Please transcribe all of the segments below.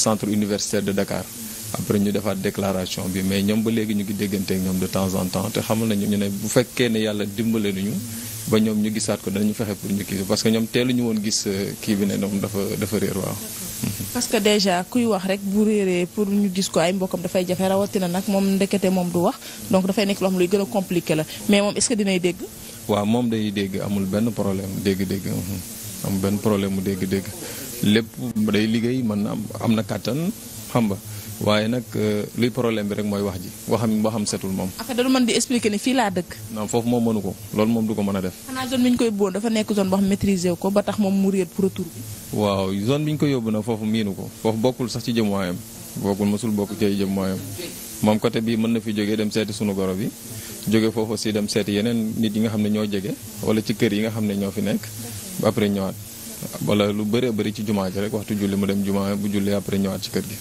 centre universitaire de Dakar après ñu defaat déclaration bi mais ñoom ba léegi ñu ngi déggante ñoom de temps en temps te xamal nañu ñu ne bu fekkee ne yàlla dimbale nañu ba ñoom ñu gisaat ko danañu fexe pour ñu kii parce que ñoom teelu ñu woon gis euh, kii bi ne ñoom dafa dafa réer waaw. parce que déjà kuy wax rek bu réeree pour ñu gis ko ay mbokkam dafay jafe rawatina nag moom ndekete moom du wax donc dafay nekk loo xam luy gën a compliqué la mais moom est-ce que dinay dégg. amul benn problème dégg-dégg mhm, amul mu dégg-dégg. lépp day liggéey mën na am am na kàttan xam nga waaye nag euh, luy problème bi rek mooy wax ji waxam waxam setul moom. en fait da du mën di expliquer ni fii laa dëkk. non foofu moom mënu ko loolu moom du ko mën a def. xanaa koy bóon dafa nekk zone boo xam maîtriser ko ba tax moom mu réer pour retour bi. ñu ko yóbbu na foofu miinu ko foofu bokkul sax ci jëmuwaayam bokkul mosul bokk ci jëmuwaayam moom côté bii mën na fi jógee dem seeti sunu goro bi jóge foofu si dem seeti yeneen nit yi nga xam ne ñoo jege wala ci kër yi nga xam ne ñoo fi nekk après ñëwaat. wala lu bëree bëri ci jumaa ji rek waxtu julli mu dem jumaa bu julli après ñëwaat ci kër gi.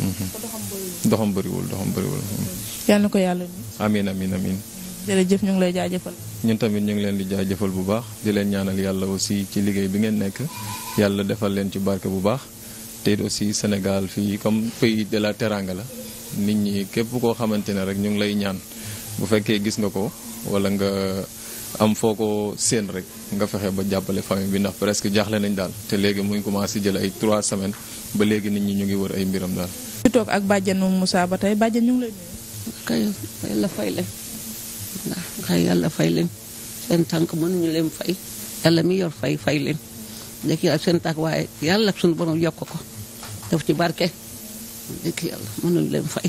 Mhm. doxam bëriwul doxam bëriwul. yal na ko yàlla amiin amiin amiin. jërëjëf ñu ngi lay jaajëfal. ñun tamit ñu ngi leen di jaajëfal bu baax di leen ñaanal yàlla aussi ci liggéey bi ngeen nekk yàlla defal leen ci barke bu baax te aussi Sénégal fii comme pays de la la nit ñi képp koo xamante ne rek ñu ngi lay ñaan bu fekkee gis nga ko walla nga. am foo ko seen rek nga fexe ba jàppale famille bi ndax presque jaaxle nañ daal te léegi muy commencé jël ay trois semaines ba léegi nit ñi ñu ngi wër ay mbiram daal. ñu toog ak bàjjenu musaa ba tey bàjjen ñu ngi fay leen yàlla fay leen seen tànk mënuñu leen fay yàlla mi fay fay leen dëkk yàlla seen tànk waaye yàlla ak suñu borom yokk ko def ci barke dëkk yàlla mënuñu leen fay.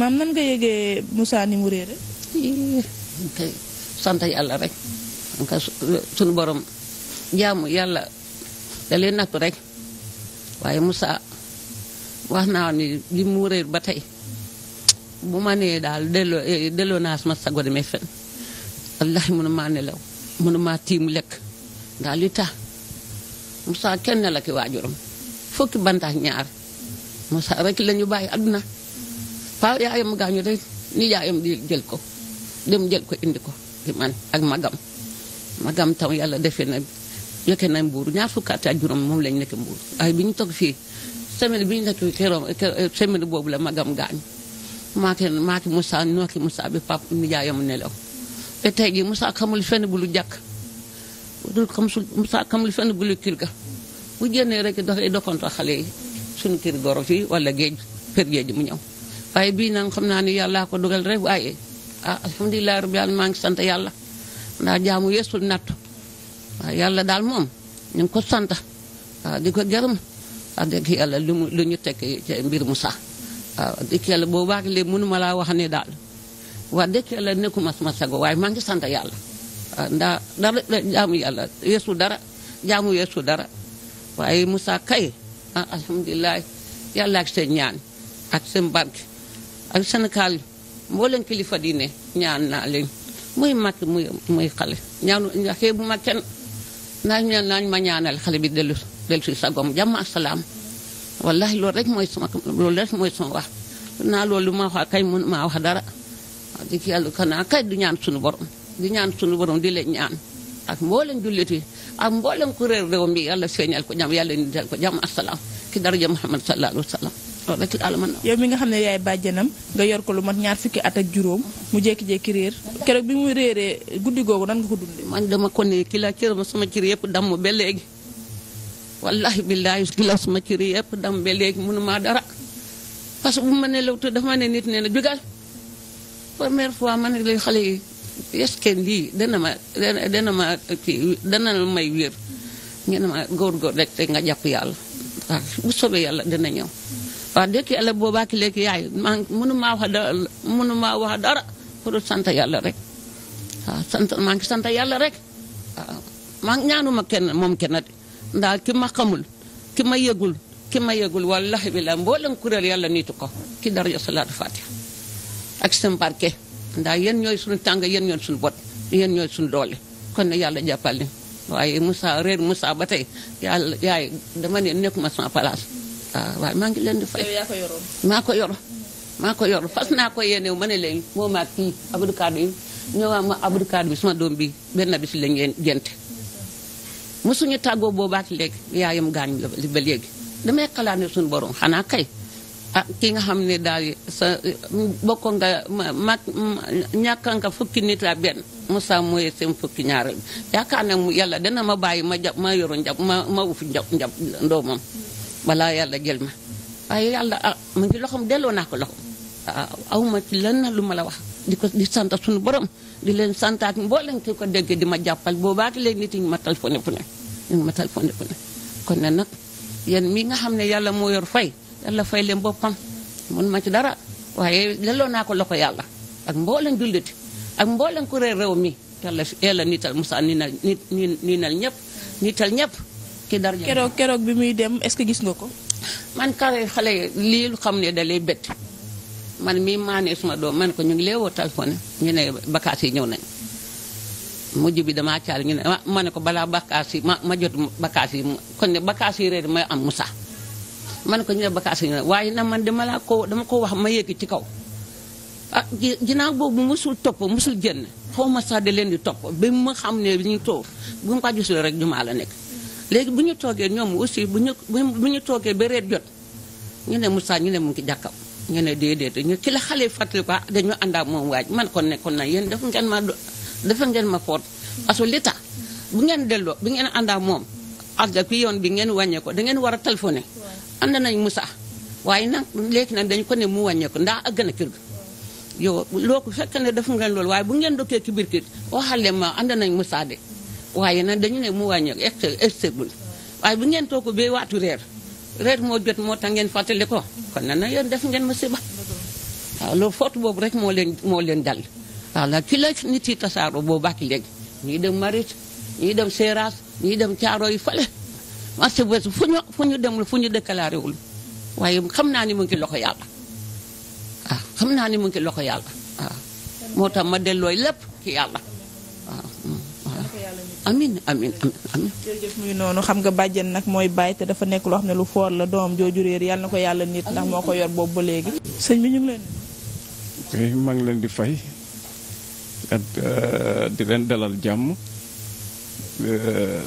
maam nan nga yëgee Moussa ni mu réere sant yàlla rek ka suñu borom jaamu yàlla da leen nattu rek waaye Moussa wax naa ni li mu réer ba tey bu ma nee daal delloo eh, delloo naa sama sago demee fen wallahi mënu maa nelaw mënu tiim lekk daal li tax Moussa kenn la ki waajuram fukki bantax ñaar Moussa rekk la ñu bàyyi àdduna paa yaayam gaañu rek ni yaayam di jël ko dem jël ko indi ko bi man ak magam magam tam yàlla defee na nekkee na mbuur ñaar fukki ak juróom moom lañ nekk mbuur ay bi ñu toog fii semaine bi ñu nekk keroog semaine boobu la magam gaañ maa ki maa ki Moussa noo ki Moussa bi pap nijaayam nelaw te tey jii Moussa xamul fenn bu lu jàkk dul xam su Moussa xamul fenn bu lu ga bu génnee rek dafay doxantu xale yi suñu kër goro fii wala géej kër géej mu ñëw waaye bii nag xam naa ni yàllaa ko dugal rek waaye ah alhamdulilah rabbil yàlla maa ngi sant yàlla ndax jaamu yeesul natt waaw yàlla daal moom ñu ngi ko sant di ko gërëm a dëgg yàlla lu mu ñu teg mbir mu sax waaw dëgg yàlla boo baax léegi mënu laa wax ne daal wax dëgg yàlla nekkuma sama sago waaye maa ngi sant yàlla waaw ndax dara jaamu yàlla yeesu dara jaamu yeesu dara waaye Moussa Kaye ah alhamdulilah yàlla ak seen ñaan ak seen barke ak seen kaal mboolem kilifa diine ñaan naa leen muy mag muy muy xale ñaanu xee bu mag kenn naa ñaan ma ñaanal xale bi dellu dellu si sagom jàmm asalaam wallahi loolu rek mooy sama mooy sama loolu ma kay mun maa wax dara di ci yàlla xanaa kay du ñaan sunu borom di ñaan sunu borom di leen ñaan ak mboolem jullit yi ak mboolem kuréel réew mi yàlla feeñal ko jàmm yàlla ni dal ko jàmm asalaam ki daraja Muhammad sallallahu alayhi wa sallam loolu rek la mën yow mi nga xam ne yaay bàjjanam nga yor ko lu mat ñaar fukki at ak juróom mu jékki-jékki réer keroog bi mu réeree guddi googu nan nga ko dundee. man dama ko ne ki la cëram sama cër yëpp damm ba léegi wallahi billahi ki la sama cër yëpp damm ba léegi mënuma dara parce que bu ma ne law te dafa ne nit nee na jugal première fois ma ne lay xale yi est-ce que lii dana ma dana ma kii dana la may wér ngeen ma góor-góor rek te nga jàpp yàlla waaw bu soobee yàlla dana ñëw. wax dëgg yàlla boobaa léegi yaay man mënu maa wax dara mënu wax dara pour sant yàlla rek waaw sant maa sant yàlla rek waaw maa ngi ñaanuma kenn moom kenn de ndax ki ma xamul ki ma yëgul ki ma yëgul lax bi la mboolem kuréel yàlla niitu ko ki daraja salaatu fatiha ak seen barke ndax yéen ñooy suñu tàng yenn ñooy suñu bot yéen ñooy suñu doole kon na yàlla jàppal leen waaye musaa réer musaa ba tey yàlla yaay dama ne nekkuma sama palaas waaw ah, waaw maa ngi leen di fay. ko yoroon maa ko yor maa ko yor fas naa ko yéene ma ne leen moo maa kii Abdou Kader yi ñëwaat ma Abdou bi suma doom bi benn bis lañ leen jënd. mosuñu tàggoo boobaat léegi yaayam gaañ la ba léegi damay xalaat suñu borom xanaa kay. ah ki nga xam ne daal sa bokk nga ma ñàkk nga fukki nit a benn Moussa mooy seen fukki ñaareel yaakaar na mu yàlla dana ma bàyyi ma jàpp ma yoru njab ma ma uf njab njab ndoomam balaa yàlla jël ma waaye yàlla ah mu ngi loxoom delloo naa ko loxoom waaw ah, awma ci lenn lu ma la wax di ko di sant suñu borom di leen santaat mboolem ki ko déggee di ma jàppal boobaat léegi nit ñi ma téléphoné fu ne ñu ma téléphoné fu kon ne nag yéen mi nga xam ne yàlla moo yor fay yàlla fay leen boppam mun ma ci dara waaye delloo naa ko loxo yàlla ak mboolem julliti ak mboolem kuréel réew mi yàlla yàlla nital Moussa ni nal ni ni nal ñëpp nital ñëpp ci dara keroog keroog bi muy dem est-ce que gis nga ko. man kare xale lii lu xam ne da lay bett man mii maanee suma doom man ko ñu ngi lay woo ñu ne bakaas yi ñëw nañ mujj bi damaa ñu ne ma ne ko balaa bakaas yi ma ma jot kon ne bakaas yi reer am Moussa man ñu ne bakaas yi ñëw nañ waaye nag man dama laa ko dama ko wax ma yéegi ci kaw. ah ginnaaw boobu mu mësul topp musul génn xaw ma sax da leen di topp ba mu xam ne ñu toog bu mu ko gisul rek jumaa la nekk. léegi bu ñu toogee ñoom aussi bu ñu bu ñu toogee ba jot ñu ne Moussa ñu ne mu ngi jàkkaw ñu ne déedéet ñu ci la xale fàttali ko ah, dañu ànd ak moom waaj man kon nekkoon na yéen dafa ngeen ma dafa ngeen ma foot parce que l'état bu ngeen delloo bu ngeen ànd ak moom ak bi yoon bi ngeen wàññee da ngeen war a téléphoné ànd nañ Moussa waaye nag léegi nag dañ ko ne mu wàññee ko ndax àgg na kër ga yow loo ko fekk ne dafa ngeen loolu waaye bu ngeen dokkee ci biir kër waxal ma ànd nañ Moussa de waaye nag dañu ne mu wàññeeku exte exteegul waaye bu ngeen toog bee waatu reer reer moo jot moo tax ngeen fàttali ko kon nag na yéen def ngeen ma siba waaw loolu footu boobu rek moo leen moo leen dal waaw nag ci la nit yi tasaaroo boo bàkk léegi ñii dem marit ñii dem seeraas ñii dem caaro yi fale marché bés fu ñu fu ñu demul fu ñu déclaréwul waaye xam naa ni mu ngi loxo yàlla waaw xam naa ni mu ngi loxo yàlla waaw moo tax ma dellooy lépp ki yàlla amin amin amin jërëjëf muy noonu xam nga bàjjen nag mooy bàyyi te dafa nekk loo xam ne lu foor la doom jooju réer yàlla na ko yàlla nit ndax moo ko yor boobu ba léegi sëñ bi ñu leen eh, maa ngi leen di fay euh, di leen dalal jàmm euh,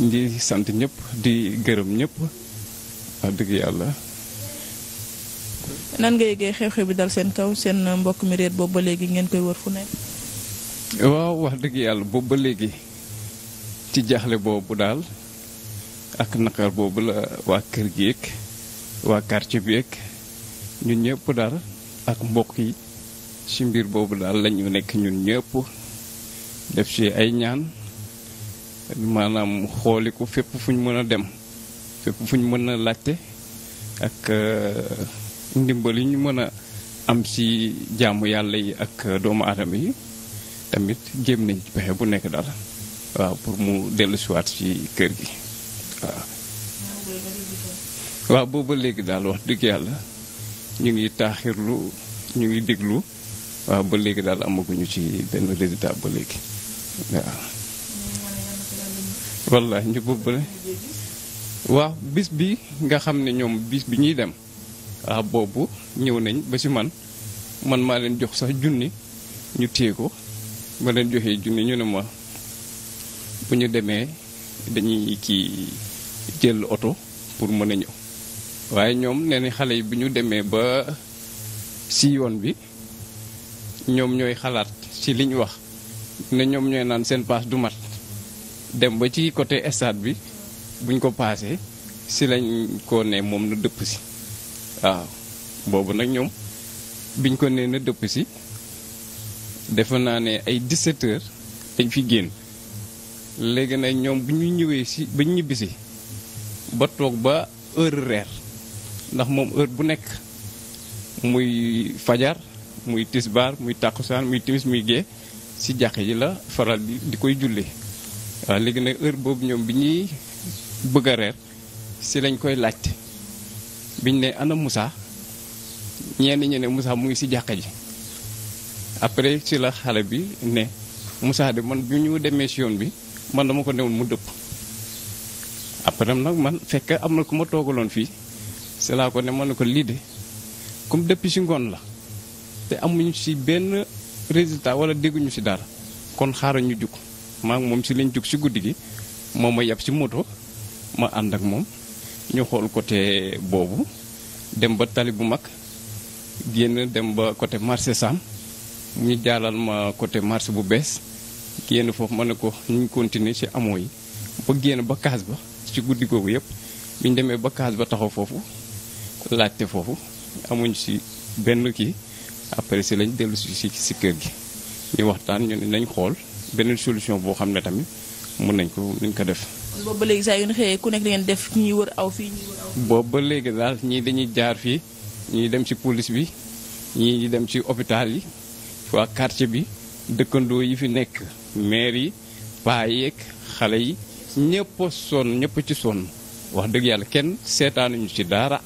di sant ñépp di gërëm ñépp wax dëgg yàlla nan nga yëgee xew-xew bi dal seen kaw seen mbokk mi réer boobu ba léegi ngeen koy wër fu nekk waaw wax dëgg yàlla boobu ba léegi ci jaaxle boobu daal ak naqar boobu la waa kër gi yeeg waa quartier bi yeeg ñun ñëpp daal ak mbokk yi ci mbir boobu daal lañu nekk ñun ñëpp def si ay ñaan maanaam xooli ko fépp fu ñu mën a dem fépp fu ñu mën a laajte ak euh, ndimbal yi ñu mën a am ci jaamu yàlla yi ak doomu aadama yi. tamit jéem nañ ci pexe bu nekk daal waaw pour mu dellu siwaat ci kër gi waaw. waaw booba léegi daal wax digg yàlla ñu ngi taaxirlu ñu ngi déglu waaw ba léegi daal amaguñu ci benn résultat ba léegi waaw. wallaay ñu bëbbale waaw bis bi nga xam ne ñoom bis bi ñuy dem waaw boobu ñëw nañ ba ci man man maa leen jox sax junni ñu téye ko ma leen joxee junni ñu ne ma bu ñu demee dañuy kii jël oto pour mën a ñëw waaye ñoom nee xale yi bu ñu demee ba si yoon bi ñoom ñooy xalaat ci liñ wax ne ñoom ñooy naan seen paas du mat dem ba ci côté stade bi buñ ko paasee si lañ ko ne moom na dëpp si waaw boobu nag ñoom biñ ko nee na dëpp si defe naa ne ay 17 heures dañ fi génn léegi nag ñoom bu ñuy ñëwee si ba ñu ñibbisi ba toog ba heure reer ndax moom heure bu nekk muy fajar muy tisbaar muy tàkkusaan muy timis muy gee si jàq ji la faral di di koy julli waaw léegi nag heure boobu ñoom bi ñuy bëgg a reer si lañ koy laajte biñ ne ana Moussa ñenn ñi ne Moussa mu ngi si jàq ji après ci la xale bi ne Moussa bi man bi ñu demee si yoon bi man dama ko newoon mu dëpp après nag man fekk am na ku ma toogaloon fii c'est là ko ne man ne ko lii de comme dëpp si ngoon la te amuñu si benn résultat wala dégguñu si daal kon xaaral ñu jug maa ngi moom si lañ jug si guddi gi moom ma yab si moto ma ànd ak moom ñu xool côté boobu dem ba tali bu mag génn dem ba côté marché Sam ñu jaalal ma côté marché bu bees génn foofu ma ne ko ñu continuer ci amoo yi ba génn ba kaas ba ci guddi kooku yëpp bi ñu demee ba kaas ba taxaw foofu laajte foofu amuñ ci benn kii après si lañ dellu si si kër gi ñu waxtaan ñu ne nañ xool beneen solution boo xam ne tamit mun nañ ko nuñ ko def. kon ba léegi saa yu ñu xëyee ku nekk ngeen def ñuy ñuy wër aw fii. boobu ba léegi daal ñii dañuy jaar fii ñuy dem ci police bi ñii dem ci hôpital yi. waa quartier bi dëkkandoo yi fi nekk maire yi paa yeeg xale yi ñëpp a sonn ñëpp ci sonn wax dëgg yàlla kenn seetaanuñu ci daara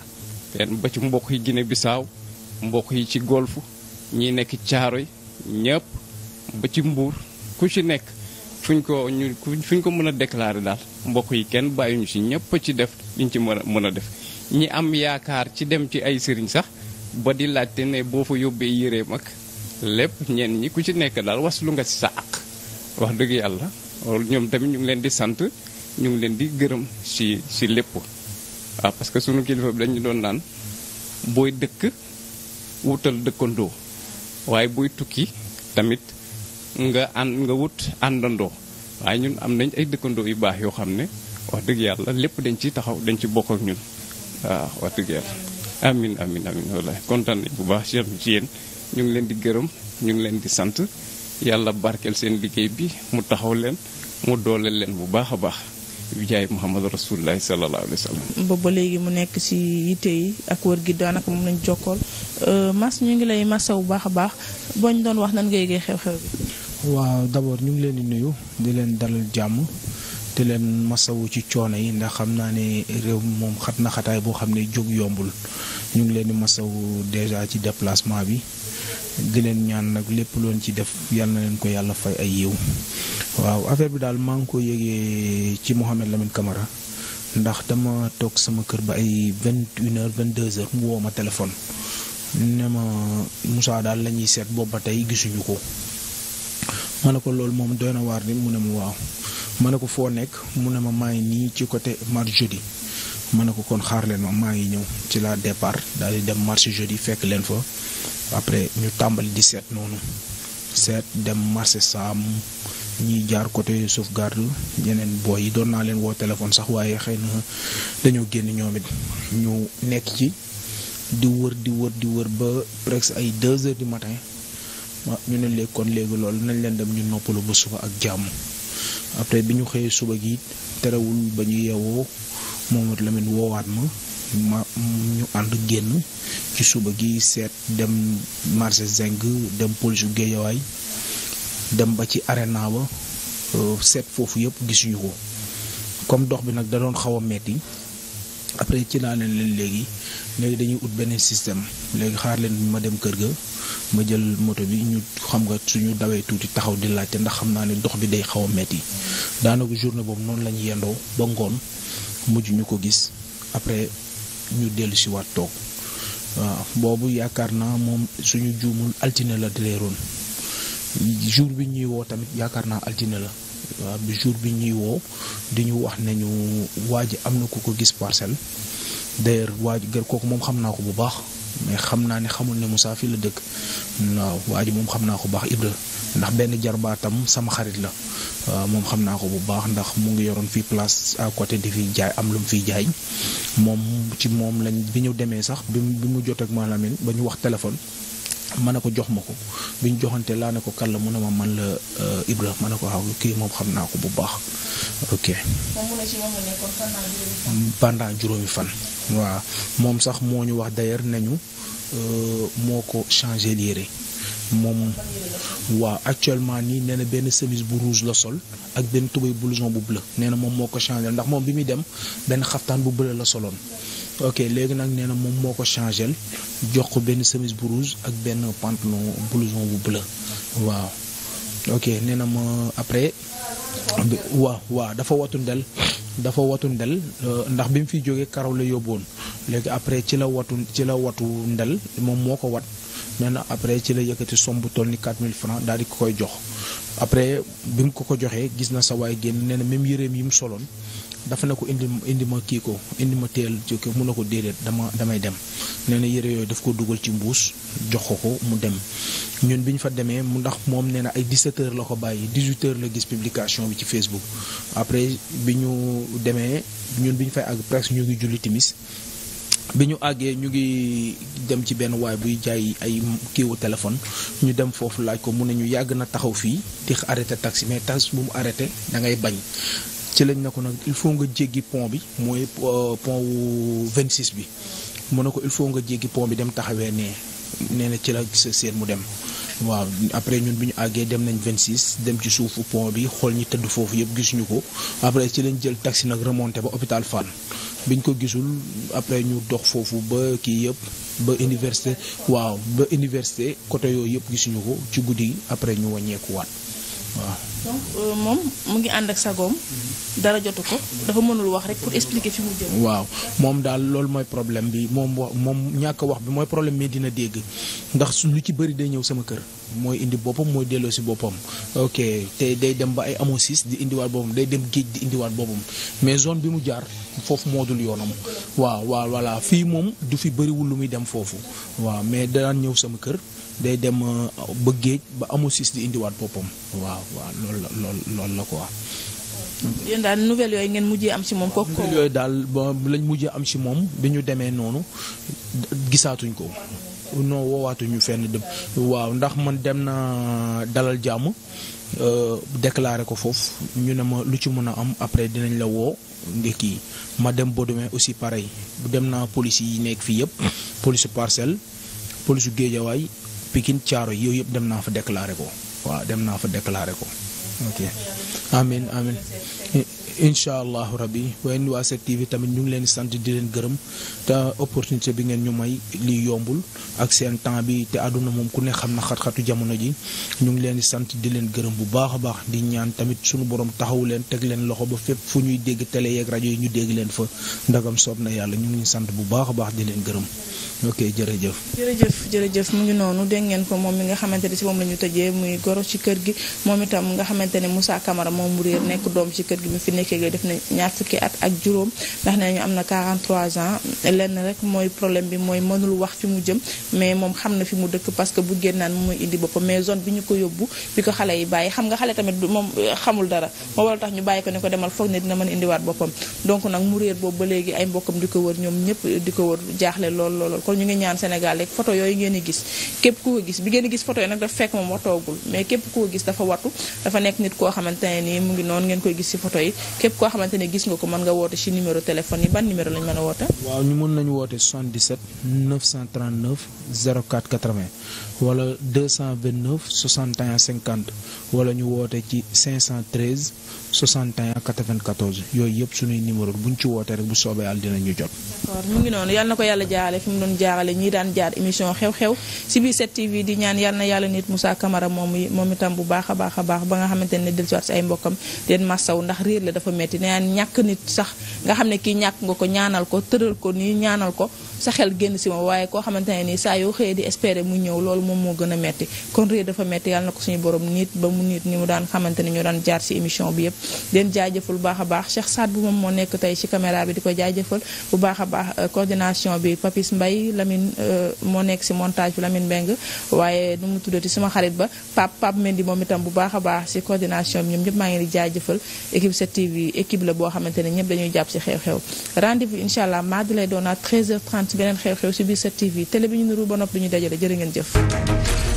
kenn ba ci mbokk yi Guinée Bissau mbokk yi ci golf ñi nekk caaro yi ñëpp ba ci Mbuur ku ci nekk fuñ ko ñu fuñ ko mën a déclarer daal mbokk yi kenn bàyyiñu ci ñëpp ci def liñ ci mën a mën a def ñi am yaakaar ci dem ci ay sëriñ sax ba di laajte ne boo fa yóbbee yéree mag lépp ñenn ñi ku ci nekk daal waslu nga ci sa àq wax dëgg yàlla loolu ñoom tamit ñu ngi leen di sant ñu ngi leen di gërëm si si lépp waaw parce que sunu kilifa bi dañu doon naan booy dëkk wutal dëkkandoo waaye booy tukki tamit nga ànd nga wut àndandoo waaye ñun am nañ ay dëkkandoo yu baax yoo xam ne wax dëgg yàlla lépp dañ ci taxaw dañ ci bokk ñun waaw wax dëgg yàlla amin amin amin wallaay kontaan nañ bu baax ci yéen ñu ngi leen di gërëm ñu ngi leen di sant yàlla barkeel seen liggéey bi mu taxaw leen mu dooleel leen bu baax a baax bi jaay Muhammad Rasulullah sallallahu alayhi wa sallam. booba léegi mu nekk si yitte yi ak gi daanaka moom lañ jokkool euh, mas ñu ngi lay masaw bu baax a baax booñ doon wax nan nga yëgee xew-xew bi. waaw ñu ngi leen di nuyu di leen dalal jàmm di leen masawu ci coono yi ndax xam naa ne réew moom xat na xataay boo xam ne jóg yombul ñu ngi leen di masawu déjà ci déplacement bi. di leen ñaan nag lépp loon ci def yal na leen ko yàlla fay ay yiw waaw affaire bi daal maa ngi ko yëgee ci Mouhamed Lamine Camara ndax dama toog sama kër ba ay vingt une heure vingt deux heures mu woo ma téléphone ne ma musaa daal la ñuy seet boobu ba tey gisuñu ko ma ne ko loolu moom doy na waar ni mu ne ma waaw ma ne ko foo nekk mu ne ma maa ngi nii ci côté marché jeudi ma ne ko kon xaar leen ma maa ngi ñëw ci la départ daal di dem marché jeudi fekk leen fa. après ñu tàmbali di seet noonu seet dem marché saam ñuy jaar côté sauvegarde ñeneen booy yi doon naa leen woo téléphone sax waaye xëy na dañoo génn ñoom it ñu nekk ci di wër di wër di wër ba presque ay deux heures du matin ñu ne léegi kon léegi loolu nañ leen dem ñu noppalu ba suba ak jàmm après bi ñu xëyee suba gi terewul ba ñu yeewoo Momadou Lamine woowaat ma. ma ñu ànd génn ci suba gi seet dem marché zinc dem polisu géejawaay dem ba ci arena ba euh, seet foofu yëpp gisuñu ko comme dox bi nag da doon xaw a metti après ci laa leen leen léegi léegi dañuy ut beneen système léegi xaar leen ma dem kër ga ma jël moto bi ñu xam nga suñu dawee tuuti taxaw di laajte ndax xam naa ne dox bi day xaw a metti daanaka journée boobu noonu lañu yendoo ba ngoon mujj ñu ko gis après ñu dellu waat toog waaw boobu yaakaar naa moom suñu juumul altine la dileeroon jour bi ñuy woo tamit yaakaar naa altine la waaw bi jour bi ñuy woo di ñu wax nañu waa am na ku ko gis parcelle d'ailleurs waaj ji gër kooku moom xam naa ko bu baax mais xam naa ne xamul ne Moussa fii la dëkk waaw waa moom xam naa ko baax Ibra ndax benn jarbaatam sama xarit la euh, moom xam naa ko bu baax ndax mu ngi yoroon fii place à côté di fi jaay am lu mu fiy jaay moom ci moom lañ bi ñu demee sax bi mu jot ak maanaam ba ñu wax téléphone. ma ne ko jox ma ko bi joxante laa ne ko kan la mu ne ma man la euh, Ibrahima ma ne ko kii moom xam naa ko bu baax ok. juróomi fan. waaw moom sax moo ñu wax d'ailleurs nañu euh, moo ko changé yére moom waaw actuellement nii nee na benn chemise bu rouge la sol ak benn tubéy blouson bu bleu nee na moom moo ko changé ndax moom bi muy dem benn xaftaan bu bële la soloon ok léegi nag nee na moom moo ko changé jox ko benn chemise bu rouge ak benn pantalon blouson bu bleu waaw ok nee na ma après waa waaw dafa watundel dafa watu ndel euh, ndax bi mu fiy jógee karaw la yóbboon léegi après ci la watu ci la watu ndel moom moo ko wat nee na après ci la yëkkati somme bu toll ni 4000 francs daal di ko koy jox après bi mu ko ko joxee gis na sa waay génn nee na même yëreem yi mu soloon dafa ne ko indi indi ma kii ko indi ma teel ci ko mun na ko déedéet dama damay dem neena na yëre yooyu daf ko dugal ci mbuus jox ko ko mu dem ñun bi ñu fa demee mu ndax moom nee na ay 17 la ko bàyyi 18 la gis publication bi ci Facebook après bi ñu demee ñun bi ñu fay àgg presque ñu ngi julli bi ñu àggee ñu ngi dem ci benn waay buy jaay ay kiiwu téléphone ñu dem foofu laaj ko mu ne ñu yàgg na taxaw fii di arrêté taxi mais taxi bu mu arrêté da ngay bañ ci lañ ne ko nag il faut nga jéggi pont bi mooy euh, pont wu 26 bi mu ne ko il faut nga jéggi pont bi dem taxawee nee nee na ci la seen mu dem waaw après ñun bi ñu àggee dem nañ 26 dem ci suufu pont bi xool ñi tëdd foofu yëpp gisuñu ko après ci lañ jël taxi nag remonté ba hôpital Fann biñ ko gisul après ñu dox foofu ba kii yëpp ba université waaw ba université côté yooyu yëpp gisuñu ko ci guddi après ñu wàññeekuwaat waaw. donc euh, moom mu ngi ànd ak sagoom dara jotu ko dafa mënul wax rek pour expliquer fi mu jëm. waaw moom daal loolu mooy problème bi moom wa moom ñàkk wax bi mooy problème bi dina dégg ndax lu ci bëri day ñëw sama kër mooy indi boppam mooy delloo si boppam. ok te day dem ba ay amosis di indiwaat boppam day dem géej di indiwaat boppam mais zone bi mu jaar foofu moo dul yoonam waaw waaw voilà fii moom du fi bëriwul lu muy dem foofu waaw mais danaan ñëw sama kër day dem euh, ba géej ba amosis di indiwaat boppam waaw waaw lool lool lool la quoi. yéen nouvelle yooyu ngeen mujjee am si moom. kooku ko yooyu daal lañ mujjee am si moom bi ñu demee noonu gisaatuñ ko. non woowaatuñu fenn dem. waaw ndax man dem na dalal jàmm euh, déclaré ko foofu ñu ne ma lu ci mën a am après dinañ la woo nga kii ma dem Bodomé aussi pareil dem naa police yi nekk fii yëpp police parcelle police Géejawaay Pikine caaro yooyu yëpp dem naa fa déclaré ko waaw dem naa fa déclaré ko. ok amin amin incha allahu rabbi wayen waa 7TV tamit ñu ngi leen sant di leen gërëm te opportunité bi ngeen ñu may lii yombul ak seen temps bi te àdduna moom ku ne xam na xat-xatu jamono ji ñu ngi leen di sant di leen gërëm bu baax a baax di ñaan tamit suñu boroom taxawu leen teg leen loxo ba fépp fu ñuy dégg télé yeeg rajo yi ñu dégg leen fa ndagam soob na yàlla ñu ngi sant bu baax a baax di leen gërëm ok jërëjëf. jërëjëf jërëjëf mu ngi noonu dégg ko moom mi nga xamante ne Moussa Camara moom mu réer nekk doom ci kër gi mu fi def na ñaar fukki at ak juróom ndax nee am na 43 ans lenn rek mooy problème bi mooy mënul wax fi mu jëm mais moom xam na fi mu dëkk parce que bu génnaan moom mooy indi boppam mais zone bi ñu ko yóbbu bi ko xale yi bàyyi xam nga xale tamit moom euh, xamul dara moo war a tax ñu bàyyi ko ne ko demal foog ne dina mën indiwaat boppam donc nag mu réer boobu ba léegi ay ñëpp ko wër jaaxle lool lool kon ñu ngi ñaan Sénégal rek photo yooyu ngeen di gis képp ku ko gis bi ngeen gis photo yi nag dafa fekk moom watoogul mais képp koo ko gis dafa wattu dafa nekk nit koo xamante ne nii mu ngi noonu ngeen koy gis ci photo yi képp koo xamante ne gis nga ko mën nga woote ci numéro téléphone yi ban numéro lañ mën a woote ñu mën nañu woote 77 939 04 80 wala 229 61 50 wala ñu woote ci 513 61 94 yooyu yëpp suñuy bu buñ ci woote rek bu soobee yàlla dinañ ñu jot. d'accord mu ngi noonu yal na ko yàlla jaarale fi mu doon jaarale ñi daan jaar émission xew-xew si biir 7TV di ñaan yal na yàlla nit Moussa Camara moom moom itam bu baax a baax a baax ba nga xamante ne dellusiwaat si ay mbokkam leen massaw ndax réer la dafa metti nee ñàkk nit sax nga xam ne kii ñàkk nga ko ñaanal ko tëral ko nii ñaanal ko. sa xel génn si moom waaye koo xamante nii saa yoo xëyee di espérer mu ñëw loolu moom moo gën a metti kon réer dafa metti yàlla na ko suñu borom nit ba mu nit ni mu daan xamante ne ñoo daan jaar si émission bi yëpp den jaajëfal bu baax a baax Cheikh moom moo nekk tey si caméra bi di ko jaajëfal bu baax a baax euh, coordination bi Papis Mbaye Lamine euh, moo nekk si montage bi Lamine Mbengue waaye nu mu tuddati suma xarit ba Pape Pape Mendy moom itam bu baax a baax si coordination bi ñoom ñëpp maa ngi di jaajëfal équipe 7TV équipe la boo xamante ne ñëpp dañuy jàpp si xew-xew ci beneen xew-xew ci biir 7TV télé bi ñu nuru ba noppi ñu dajale jërë jëf